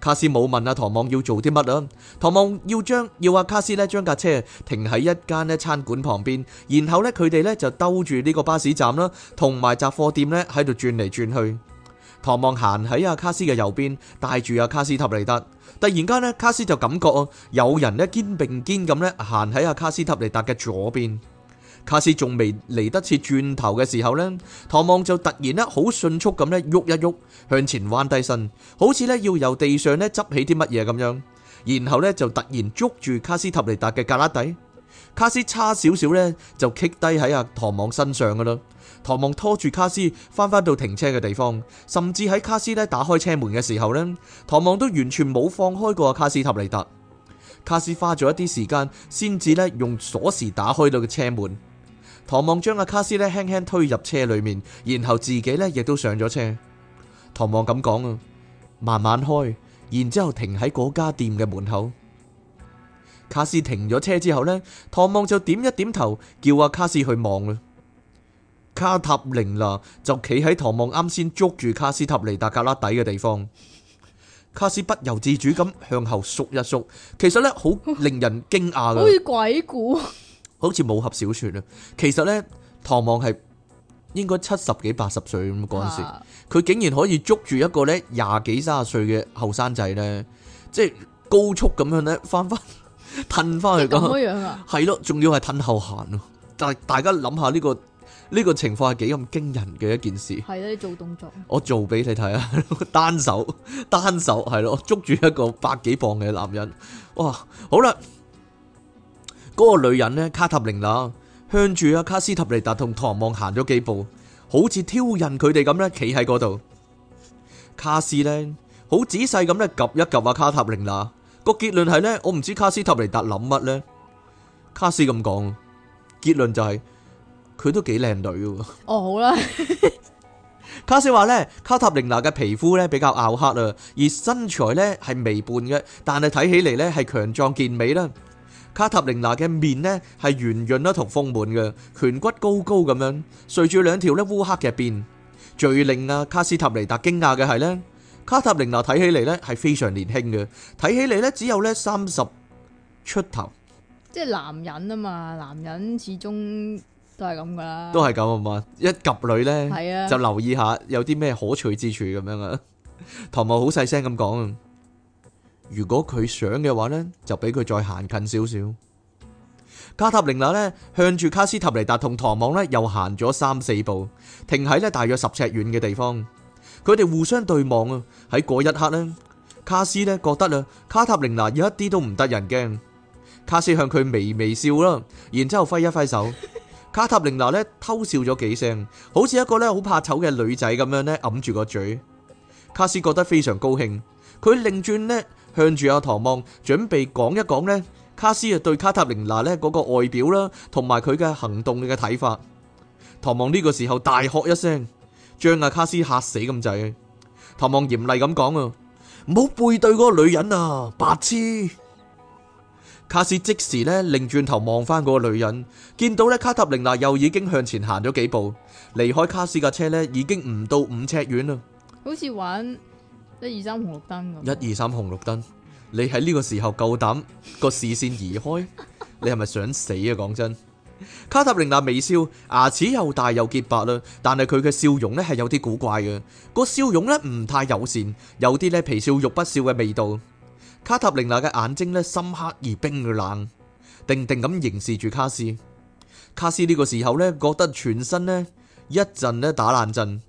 卡斯冇問阿唐望要做啲乜啊？唐望要將要阿卡斯咧，將架車停喺一間咧餐館旁邊，然後咧佢哋咧就兜住呢個巴士站啦，同埋雜貨店咧喺度轉嚟轉去。唐望行喺阿卡斯嘅右邊，帶住阿卡斯塔尼達。突然間咧，卡斯就感覺有人咧肩並肩咁咧行喺阿卡斯塔尼達嘅左邊。卡斯仲未嚟得切轉頭嘅時候呢，唐望就突然咧好迅速咁咧喐一喐向前彎低身，好似咧要由地上咧執起啲乜嘢咁樣，然後咧就突然捉住卡斯塔尼達嘅胳肋底，卡斯差少少咧就棘低喺阿唐望身上噶啦。唐望拖住卡斯翻返到停車嘅地方，甚至喺卡斯咧打開車門嘅時候咧，唐望都完全冇放開過阿卡斯塔尼達。卡斯花咗一啲時間先至咧用鎖匙打開到嘅車門。唐望將阿卡斯呢輕輕推入車裏面，然後自己呢亦都上咗車。唐望咁講啊，慢慢開，然之後停喺嗰家店嘅門口。卡斯停咗車之後呢，唐望就點一點頭，叫阿卡斯去望啦。卡塔玲娜就企喺唐望啱先捉住卡斯塔尼達格拉底嘅地方，卡斯不由自主咁向後縮一縮，其實呢，好令人驚訝啦， 好似鬼故。好似武俠小說啊！其實咧，唐望係應該七十幾八十歲咁嗰陣時，佢、啊、竟然可以捉住一個咧廿幾三十歲嘅後生仔咧，即係高速咁樣咧翻翻褪翻去咁，係咯，仲要係褪後行咯。但係大家諗下呢個呢、呢個情況係幾咁驚人嘅一件事。係啦、啊，你做動作，我做俾你睇啊，單手單手係咯，捉住一個百幾磅嘅男人，哇！好啦。嗰個女人咧、就是， 卡塔琳娜向住阿卡斯塔尼達同唐望行咗幾步，好似挑釁佢哋咁咧，企喺嗰度。卡斯咧，好仔細咁咧，及一及阿卡塔琳娜。個結論係咧，我唔知卡斯塔尼達諗乜咧。卡斯咁講，結論就係佢都幾靚女嘅。哦，好啦。卡斯話咧，卡塔琳娜嘅皮膚咧比較黝黑啦，而身材咧係微胖嘅，但係睇起嚟咧係強壯健美啦。卡塔琳娜嘅面咧係圓潤啦同豐滿嘅，顴骨高高咁樣，垂住兩條咧烏黑嘅辮。最令啊卡斯塔尼達驚訝嘅係咧，卡塔琳娜睇起嚟咧係非常年輕嘅，睇起嚟咧只有咧三十出頭。即係男人啊嘛，男人始終都係咁噶啦。都係咁啊嘛，一及女咧，就留意下有啲咩可取之處咁樣啊。唐望好細聲咁講啊。如果佢想嘅話咧，就俾佢再行近少少。卡塔琳娜咧向住卡斯塔尼達同唐望咧又行咗三四步，停喺咧大約十尺遠嘅地方。佢哋互相對望啊。喺嗰一刻咧，卡斯咧覺得啊卡塔琳娜有一啲都唔得人驚。卡斯向佢微微笑啦，然之後揮一揮手。卡塔琳娜咧偷笑咗幾聲，好似一個咧好怕醜嘅女仔咁樣咧，揞住個嘴。卡斯覺得非常高興，佢擰轉咧。向住阿唐望，準備講一講咧，卡斯啊對卡塔琳娜咧嗰個外表啦，同埋佢嘅行動嘅睇法。唐望呢個時候大喝一聲，將阿卡斯嚇死咁滯。唐望嚴厲咁講啊，唔好背對嗰個女人啊，白痴！卡斯即時咧擰轉頭望翻嗰個女人，見到咧卡塔琳娜又已經向前行咗幾步，離開卡斯架車咧已經唔到五尺遠啦。好似玩。一二三紅綠燈，一二三紅綠燈，你喺呢個時候夠膽個視線移開？你係咪想死啊？講真，卡塔琳娜微笑，牙齒又大又潔白啦，但係佢嘅笑容呢，係有啲古怪嘅，個笑容呢，唔太友善，有啲呢皮笑肉不笑嘅味道。卡塔琳娜嘅眼睛呢，深刻而冰冷，定定咁凝視住卡斯。卡斯呢個時候呢，覺得全身呢，一陣呢打冷震，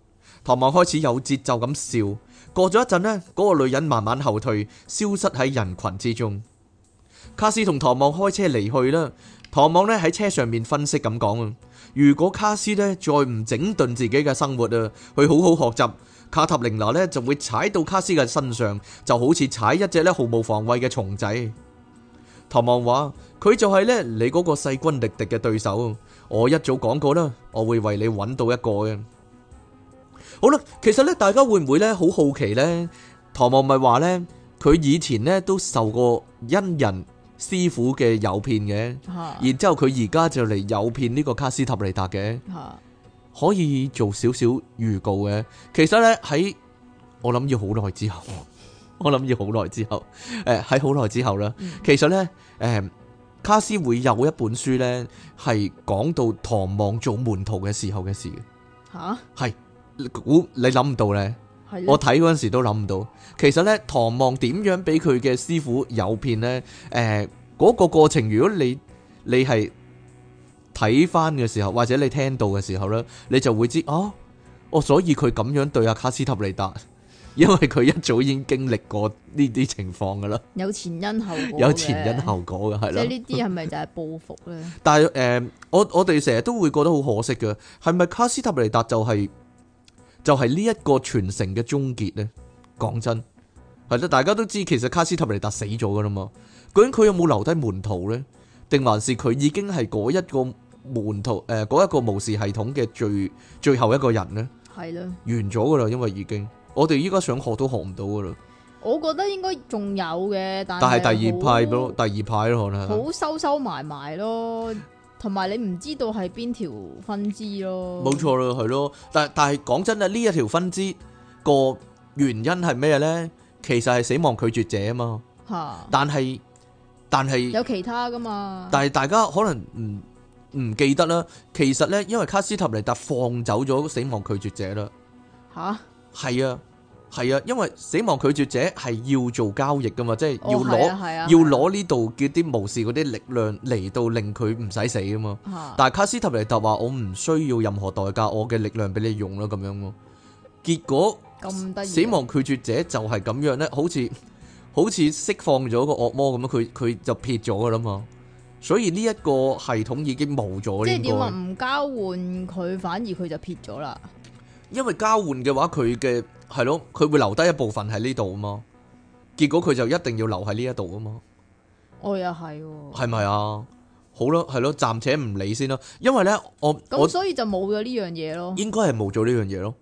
唐望開始有節奏咁笑。過咗一陣呢，嗰個女人慢慢後退，消失喺人群之中。卡斯同唐望開車離去啦。唐望呢喺車上面分析咁講啊：如果卡斯呢再唔整頓自己嘅生活啊，去好好學習，卡塔琳娜呢就會踩到卡斯嘅身上，就好似踩一隻咧毫無防衛嘅蟲仔。唐望話：佢就係呢你嗰個勢均力敵嘅對手。我一早講過啦，我會為你揾到一個嘅。好啦，其實咧，大家會唔會咧好好奇咧？唐望咪話咧，佢以前咧都受過恩人師傅嘅誘騙嘅，然、啊、之後佢而家就嚟誘騙呢個卡斯塔尼達嘅，啊、可以做少少預告嘅。其實咧，喺我諗要好耐之後， 我諗要好耐之後，誒、呃，喺好耐之後啦。嗯、其實咧，誒、呃，卡斯會有一本書咧，係講到唐望做門徒嘅時候嘅事嘅，吓係、啊。估你諗唔到呢？的我睇嗰陣時都諗唔到。其實呢，唐望點樣俾佢嘅師傅誘騙呢？誒、呃，嗰、那個過程，如果你你係睇翻嘅時候，或者你聽到嘅時候呢，你就會知哦。哦，所以佢咁樣對阿卡斯塔利達，因為佢一早已經經歷過呢啲情況噶啦。有前因後果。 有前因後果嘅係咯。即呢啲係咪就係報復呢？ 但係誒、呃，我我哋成日都會覺得好可惜嘅，係咪卡斯塔利達就係、是？就係呢一個傳承嘅終結咧，講真係啦，大家都知其實卡斯塔尼達死咗噶啦嘛，究竟佢有冇留低門徒咧？定還是佢已經係嗰一個門徒誒，嗰、呃、一個巫士系統嘅最最後一個人咧？係啦，完咗噶啦，因為已經我哋依家想學都學唔到噶啦。我覺得應該仲有嘅，但係第二派咯，第二派咯，可能好收收埋埋咯。同埋你唔知道係邊條分支咯，冇錯啦，係咯，但但係講真啦，呢一條分支個原因係咩呢？其實係死亡拒絕者啊嘛，吓哈，但係但係有其他噶嘛？但係大家可能唔唔記得啦。其實呢，因為卡斯塔尼達放走咗死亡拒絕者啦，吓哈，係啊。係啊，因為死亡拒絕者係要做交易噶嘛，即係要攞要攞呢度嘅啲巫士嗰啲力量嚟到令佢唔使死啊嘛。但係卡斯特尼特話我唔需要任何代價，我嘅力量俾你用咯咁樣咯。結果，死亡拒絕者就係咁樣咧，好似好似釋放咗個惡魔咁樣，佢佢就撇咗噶啦嘛。所以呢一個系統已經冇咗呢個。即係點啊？唔交換佢，反而佢就撇咗啦。因為交換嘅話，佢嘅。係咯，佢會留低一部分喺呢度啊嘛，結果佢就一定要留喺呢一度啊嘛。我又係，係咪啊？好咯，係咯，暫且唔理先咯。因為咧，我咁所以就冇咗呢樣嘢咯。應該係冇咗呢樣嘢咯，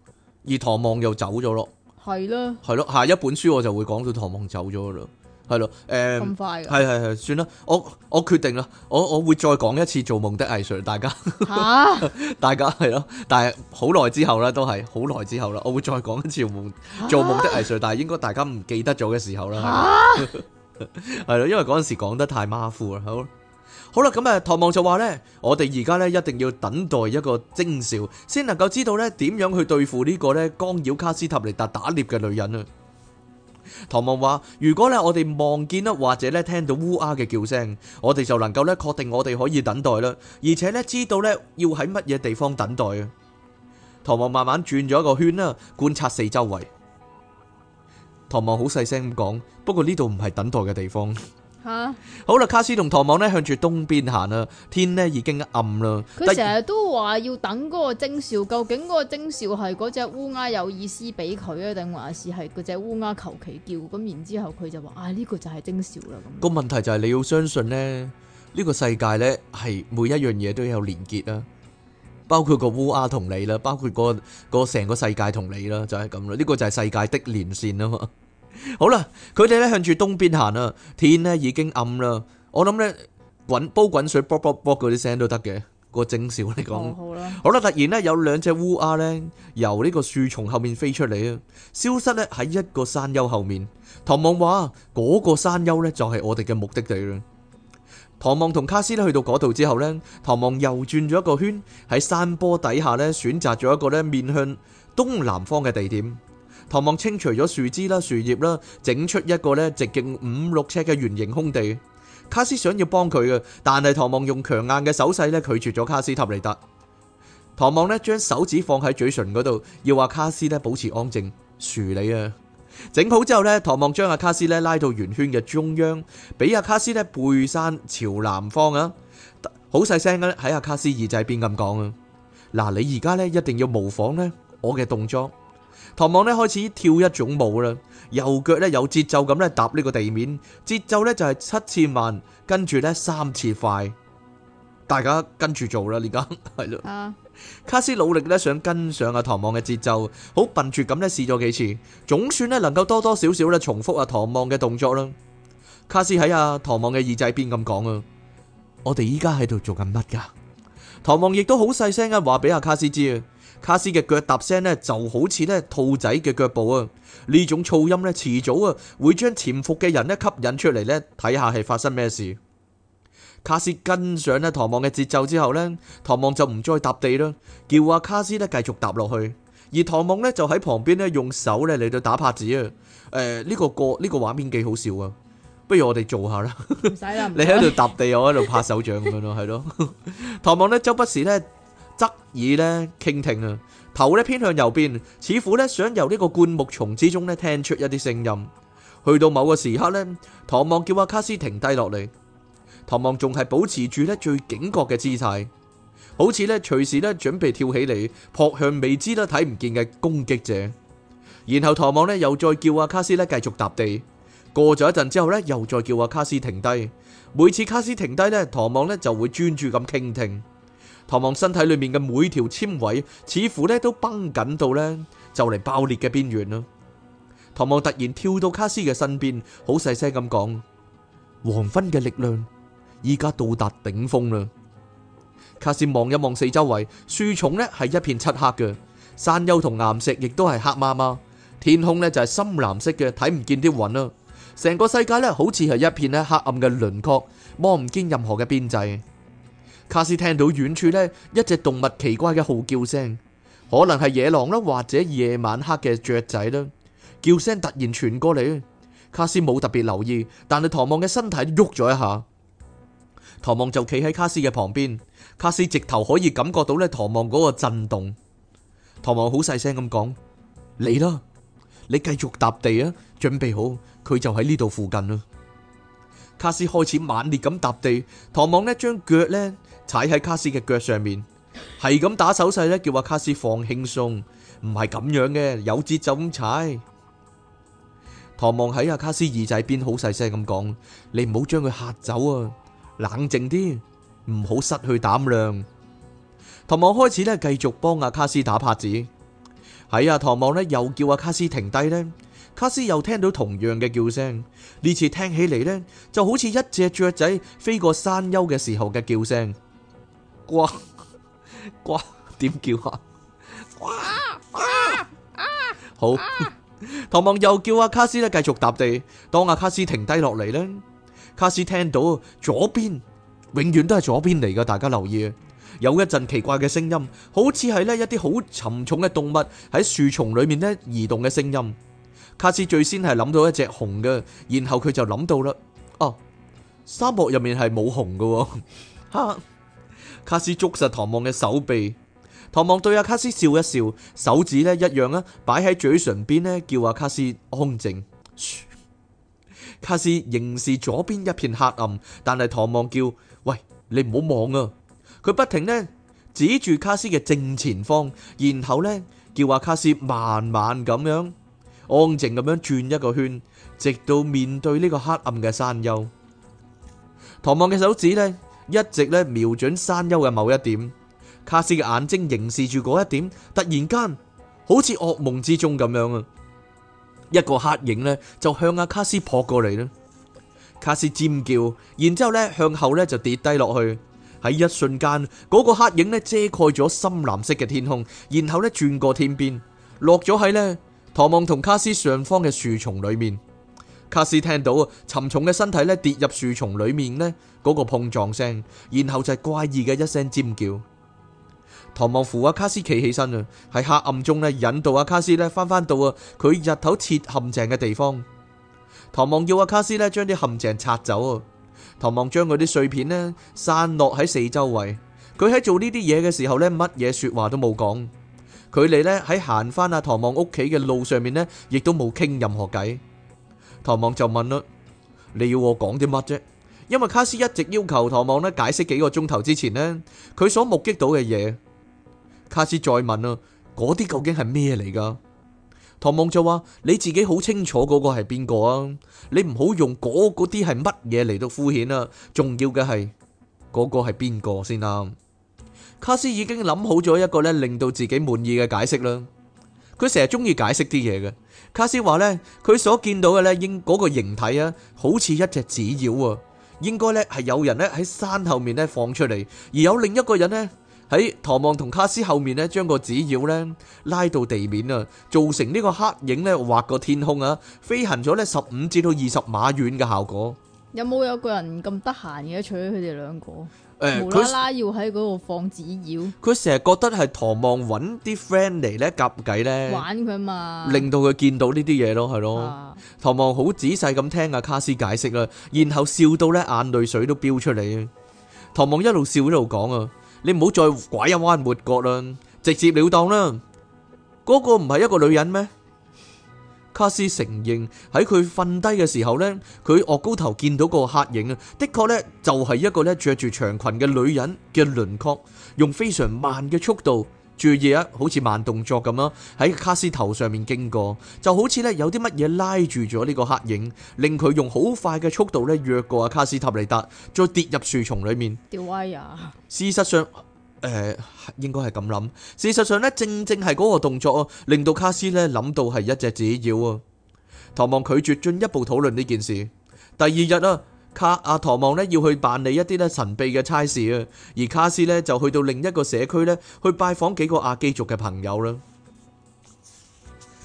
而唐望又走咗咯。係咯，係咯，下一本書我就會講到唐望走咗啦。係咯，誒，係係係，算啦，我我決定啦，我我會再講一次做夢的藝術，大家大家係咯，但係好耐之後啦，都係好耐之後啦，我會再講一次夢做夢的藝術、啊， 但係、啊、應該大家唔記得咗嘅時候啦，係咯、啊， 因為嗰陣時講得太馬虎啦，好，好啦，咁誒，唐望就話咧，我哋而家咧一定要等待一個徵兆，先能夠知道咧點樣去對付呢個咧干擾卡斯塔尼達打獵嘅女人啊。唐望話：如果咧我哋望見啦，或者咧聽到烏鴉嘅叫聲，我哋就能夠咧確定我哋可以等待啦，而且咧知道咧要喺乜嘢地方等待啊。唐望慢慢轉咗一個圈啦，觀察四周圍。唐望好細聲咁講：不過呢度唔係等待嘅地方。 吓，好啦，卡斯同唐望咧向住東邊行啦，天咧已經暗啦。佢成日都話要等嗰個徵兆，究竟嗰個徵兆係嗰隻烏鴉有意思俾佢啊，定還是係嗰隻烏鴉求其叫？咁然之後佢就話：啊呢個就係徵兆啦。咁個問題就係你要相信咧，呢個世界咧係每一樣嘢都有連結啦，包括個烏鴉同你啦，包括個個成個世界同你啦，就係咁啦。呢個就係世界的連線啊嘛。好啦，佢哋咧向住東邊行啦，天呢已經暗啦。我諗呢滾煲滾水卜卜卜嗰啲聲都得嘅，個徵兆嚟講。哦、好，好啦，突然呢，有兩隻烏鴉呢由呢個樹叢後面飛出嚟啊，消失咧喺一個山丘後面。唐望話：嗰、那個山丘呢就係、是、我哋嘅目的地啦。唐望同卡斯咧去到嗰度之後呢，唐望又轉咗一個圈，喺山坡底下呢選擇咗一個呢面向東南方嘅地點。唐望清除咗樹枝啦、樹葉啦，整出一個咧直徑五六尺嘅圓形空地。卡斯想要幫佢嘅，但係唐望用強硬嘅手勢咧拒絕咗卡斯塔尼達。唐望咧將手指放喺嘴唇嗰度，要阿卡斯咧保持安靜。樹你啊，整好之後咧，唐望將阿卡斯咧拉到圓圈嘅中央，俾阿卡斯咧背山朝南方啊，好細聲啊，喺阿卡斯耳仔邊咁講啊。嗱，你而家咧一定要模仿咧我嘅動作。唐望咧開始跳一種舞啦，右腳咧有節奏咁咧踏呢個地面，節奏咧就係七次慢，跟住咧三次快，大家跟住做啦，而家係咯。 了 uh. 卡斯努力咧想跟上阿唐望嘅節奏，好笨拙咁咧試咗幾次，總算咧能夠多多少少咧重複阿唐望嘅動作啦。卡斯喺阿唐望嘅耳仔邊咁講啊，我哋依家喺度做緊乜噶？唐望亦都好細聲啊話俾阿卡斯知啊。卡斯嘅腳踏聲咧就好似咧兔仔嘅腳步啊！呢種噪音咧遲早啊會將潛伏嘅人咧吸引出嚟呢，睇下係發生咩事。卡斯跟上呢唐望嘅節奏之後呢，唐望就唔再踏地啦，叫阿卡斯呢繼續踏落去，而唐望呢就喺旁邊呢用手咧嚟到打拍子啊！誒、呃、呢、呢個過呢、呢個畫面幾好笑啊！不如我哋做下啦，唔使啦 你喺度踏地，我喺度拍手掌咁樣咯，係咯。唐望呢周不時呢。側耳咧傾聽啊，頭咧偏向右邊，似乎咧想由呢個灌木叢之中咧聽出一啲聲音。去到某個時刻咧，唐望叫阿卡斯停低落嚟。唐望仲係保持住咧最警覺嘅姿態，好似咧隨時咧準備跳起嚟撲向未知都睇唔見嘅攻擊者。然後唐望咧又再叫阿卡斯咧繼續踏地。過咗一陣之後咧，又再叫阿卡斯停低。每次卡斯停低咧，唐望咧就會專注咁傾聽。唐望身體裏面嘅每條纖維似乎咧都繃緊到咧，就嚟爆裂嘅邊緣啦。唐望突然跳到卡斯嘅身邊，好細聲咁講：黃昏嘅力量依家到達頂峰啦。卡斯望一望四周圍，樹叢呢係一片漆黑嘅，山丘同岩石亦都係黑麻麻，天空呢就係深藍色嘅，睇唔見啲雲啦。成個世界呢好似係一片咧黑暗嘅輪廓，望唔見任何嘅邊際。卡斯聽到遠處呢一隻動物奇怪嘅號叫聲，可能係野狼啦，或者夜晚黑嘅雀仔啦，叫聲突然傳過嚟。卡斯冇特別留意，但係唐望嘅身體喐咗一下。唐望就企喺卡斯嘅旁邊，卡斯直頭可以感覺到咧唐望嗰個震動。唐望好細聲咁講：你啦，你繼續踏地啊，準備好，佢就喺呢度附近啦。卡斯開始猛烈咁踏地，唐望呢將腳呢。踩喺卡斯嘅腳上面，係咁打手勢咧，叫阿卡斯放輕鬆，唔係咁樣嘅，有節奏咁踩。唐望喺阿卡斯耳仔邊好細聲咁講：你唔好將佢嚇走啊，冷靜啲，唔好失去膽量。唐望開始咧繼續幫阿卡斯打拍子，喺、哎、啊，唐望呢又叫阿卡斯停低呢。卡斯又聽到同樣嘅叫聲，呢次聽起嚟呢就好似一隻雀仔飛過山丘嘅時候嘅叫聲。呱呱點叫啊？呱呱。好，唐望又叫阿卡斯咧，繼續踏地。當阿卡斯停低落嚟咧，卡斯聽到左邊永遠都係左邊嚟㗎，大家留意。有一陣奇怪嘅聲音，好似係咧一啲好沉重嘅動物喺樹叢裏面咧移動嘅聲音。卡斯最先係諗到一隻熊嘅，然後佢就諗到啦。哦，沙漠入面係冇熊㗎，吓。卡斯捉實唐望嘅手臂，唐望對阿卡斯笑一笑，手指咧一樣啊擺喺嘴唇邊咧叫阿卡斯安靜。卡斯凝視左邊一片黑暗，但係唐望叫：喂，你唔好望啊！佢不停咧指住卡斯嘅正前方，然後咧叫阿卡斯慢慢咁樣安靜咁樣轉一個圈，直到面對呢個黑暗嘅山丘。唐望嘅手指呢。一直咧瞄準山丘嘅某一點，卡斯嘅眼睛凝視住嗰一點，突然間好似噩夢之中咁樣啊！一個黑影咧就向阿、啊、卡斯撲過嚟啦，卡斯尖叫，然之後咧向後咧就跌低落去。喺一瞬間，嗰、那個黑影咧遮蓋咗深藍色嘅天空，然後咧轉過天邊，落咗喺咧唐望同卡斯上方嘅樹叢裏面。卡斯聽到啊，沉重嘅身體咧，跌入樹叢裏面咧，嗰個碰撞聲，然後就係怪異嘅一聲尖叫。唐望扶阿卡斯企起身啊,喺黑暗中咧引導阿卡斯咧翻翻到啊，佢日頭設陷阱嘅地方。唐望叫阿卡斯咧將啲陷阱拆走啊。唐望將嗰啲碎片咧散落喺四周圍。佢喺做呢啲嘢嘅時候咧，乜嘢說話都冇講。佢哋咧喺行翻阿唐望屋企嘅路上面咧，亦都冇傾任何偈。唐望就問啦：你要我講啲乜啫？因為卡斯一直要求唐望呢解釋幾個鐘頭之前呢佢所目擊到嘅嘢。卡斯再問啦：嗰啲究竟係咩嚟噶？唐望就話：你自己好清楚嗰個係邊個啊？你唔好用嗰嗰啲係乜嘢嚟到敷衍啊。重要嘅係嗰個係邊個先啦。卡斯已經諗好咗一個咧令到自己滿意嘅解釋啦。佢成日中意解釋啲嘢嘅。卡斯話咧，佢所見到嘅咧，英嗰個形體啊，好似一隻紙鷂啊，應該咧係有人咧喺山後面咧放出嚟，而有另一個人呢，喺唐望同卡斯後面咧，將個紙鷂咧拉到地面啊，造成呢個黑影咧劃過天空啊，飛行咗咧十五至到二十碼遠嘅效果。有冇有，有個人咁得閒嘅？除咗佢哋兩個？誒，無啦啦要喺嗰度放紙鷂，佢成日覺得係唐望揾啲 friend 嚟咧夾計咧玩佢嘛，令到佢見到呢啲嘢咯，係咯。唐望好仔細咁聽阿卡斯解釋啦，然後笑到咧眼淚水都飆出嚟。唐望一路笑一路講啊，你唔好再拐一彎抹角啦，直接了當啦，嗰個唔係一個女人咩？卡斯承認喺佢瞓低嘅時候咧，佢惡高頭見到個黑影啊，的確咧就係一個咧着住長裙嘅女人嘅輪廓，用非常慢嘅速度，注意啊，好似慢動作咁啦，喺卡斯頭上面經過，就好似咧有啲乜嘢拉住咗呢個黑影，令佢用好快嘅速度咧越過阿卡斯塔尼達，再跌入樹叢裏面。屌喂啊！事實上。誒，應該係咁諗。事實上咧，正正係嗰個動作啊，令到卡斯咧諗到係一隻紙妖啊。唐望拒絕進一步討論呢件事。第二日啊，卡阿唐望咧要去辦理一啲咧神秘嘅差事啊，而卡斯咧就去到另一個社區咧去拜訪幾個阿基族嘅朋友啦。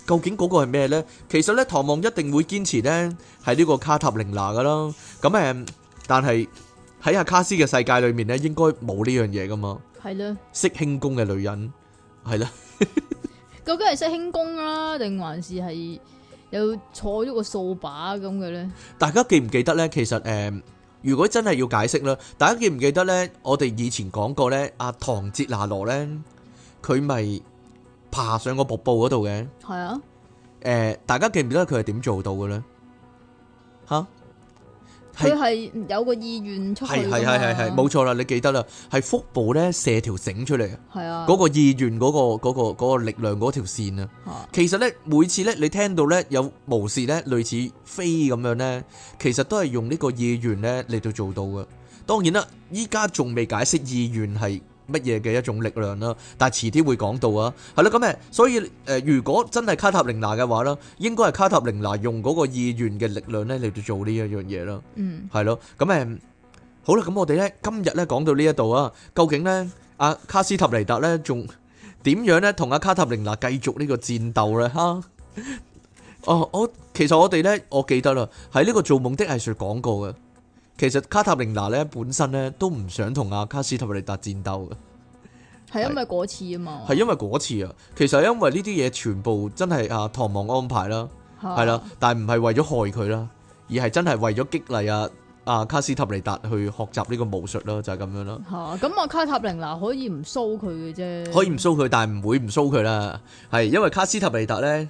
究竟嗰個係咩咧？其實咧，唐望一定會堅持咧係呢個卡塔琳娜噶啦。咁誒，但係喺阿卡斯嘅世界裏面咧，應該冇呢樣嘢噶嘛。係啦，識輕功嘅女人係啦，究竟係識輕功啦，定還是係有坐咗個掃把咁嘅咧？大家記唔記得咧？其實誒，如果真係要解釋咧，大家記唔記得咧？我哋以前講過咧，阿唐哲娜羅咧，佢咪爬上個瀑布嗰度嘅？係啊，誒，大家記唔記得佢係點做到嘅咧？吓？佢係有個意願出去，係係係係係，冇錯啦，你記得啦，係腹部咧射條繩出嚟，係啊，嗰個意願嗰個嗰個嗰個力量嗰條線啊，其實咧每次咧你聽到咧有巫士咧類似飛咁樣咧，其實都係用呢個意願咧嚟到做到噶，當然啦，依家仲未解釋意願係。乜嘢嘅一種力量啦，但係遲啲會講到啊，係咯，咁誒，所以誒，如果真係卡塔琳娜嘅話啦，應該係卡塔琳娜用嗰個意願嘅力量咧嚟到做呢一樣嘢咯，嗯，係咯，咁誒，好啦，咁我哋咧今日咧講到呢一度啊，究竟咧阿卡斯塔尼達咧仲點樣咧同阿卡塔琳娜繼續呢個戰鬥咧？哈，哦，我其實我哋咧，我記得啦，喺呢個做夢的藝術講過嘅。其實卡塔琳娜咧本身咧都唔想同阿卡斯塔利達戰鬥嘅，係因為嗰次啊嘛，係因為嗰次啊。其實因為呢啲嘢全部真係阿唐望安排啦，係啦的，但係唔係為咗害佢啦，而係真係為咗激勵阿阿卡斯塔利達去學習呢個巫術咯，就係、是、咁樣咯。吓，咁阿卡塔琳娜可以唔騷佢嘅啫，可以唔騷佢，但係唔會唔騷佢啦。係因為卡斯塔利達咧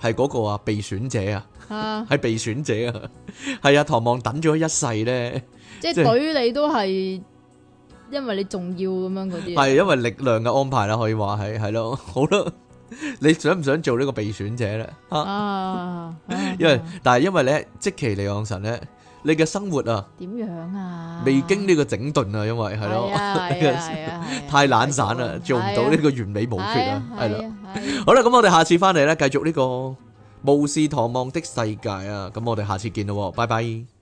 係嗰個啊被選者啊。係被選者啊，係啊，唐望等咗一世咧，即係對你都係，因為你重要咁樣嗰啲，係因為力量嘅安排啦，可以話係係咯，好啦，你想唔想做呢個被選者咧？啊，因為但係因為你即其離岸神咧，你嘅生活啊，點樣啊？未經呢個整頓啊，因為係咯，太懶散啦，做唔到呢個完美無缺啊，係啦，好啦，咁我哋下次翻嚟咧，繼續呢個。巫士唐望的世界啊！咁我哋下次見喇喎，拜拜。